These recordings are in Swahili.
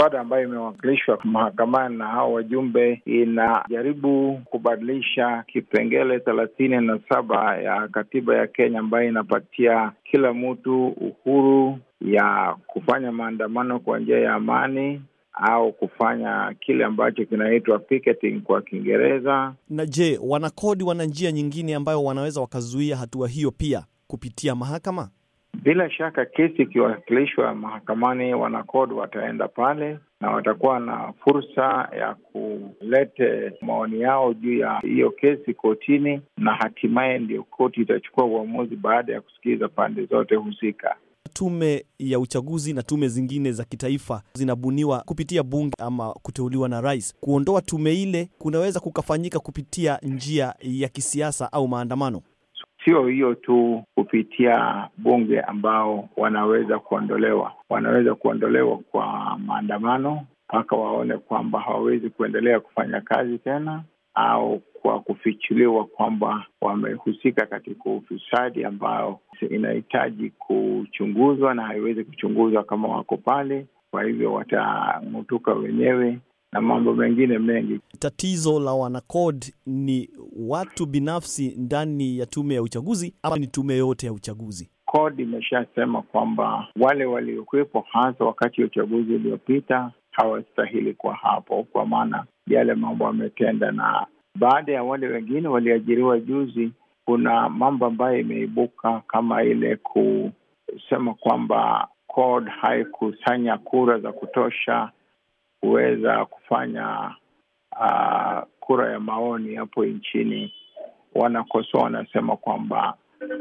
miswada ambayo imewakilishwa mahakamani na hao wajumbe inajaribu kubadilisha kipengele thelathini na saba ya katiba ya Kenya ambayo inapatia kila mtu uhuru ya kufanya maandamano kwa njia ya amani au kufanya kile ambacho kinaitwa picketing kwa Kiingereza. Na je, wanakodi wana njia nyingine ambayo wanaweza wakazuia hatua hiyo pia kupitia mahakama? Bila shaka kesi ikiwakilishwa mahakamani, wanakod wataenda pale na watakuwa na fursa ya kulete maoni yao juu ya hiyo kesi kotini, na hatimaye ndio koti itachukua uamuzi baada ya kusikiza pande zote husika. Tume ya uchaguzi na tume zingine za kitaifa zinabuniwa kupitia bunge ama kuteuliwa na rais. Kuondoa tume ile kunaweza kukafanyika kupitia njia ya kisiasa au maandamano sio hiyo tu kupitia bunge ambao wanaweza kuondolewa, wanaweza kuondolewa kwa maandamano mpaka waone kwamba hawawezi kuendelea kufanya kazi tena, au kwa kufichuliwa kwamba wamehusika katika ufisadi ambao inahitaji kuchunguzwa na haiwezi kuchunguzwa kama wako pale. Kwa hivyo watang'utuka wenyewe na mambo mengine mengi. Tatizo la wanakod ni watu binafsi ndani ya tume ya uchaguzi ama ni tume yote ya uchaguzi? Kodi imeshasema kwamba wale waliokuwepo hasa wakati wa uchaguzi uliopita hawastahili kwa hapo, kwa maana yale mambo ametenda. Na baada ya wale wengine waliajiriwa juzi, kuna mambo ambayo imeibuka kama ile kusema kwamba CORD haikusanya kura za kutosha kuweza kufanya uh, kura ya maoni hapo nchini, wanakosoa wanasema kwamba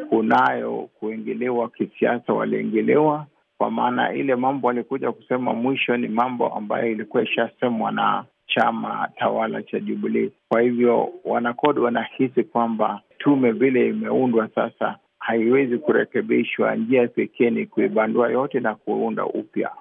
kunayo kuingiliwa kisiasa, waliingiliwa kwa maana ile mambo walikuja kusema mwisho ni mambo ambayo ilikuwa ishasemwa na chama tawala cha Jubilii. Kwa hivyo wanakodi wanahisi kwamba tume vile imeundwa sasa haiwezi kurekebishwa, njia pekee ni kuibandua yote na kuunda upya.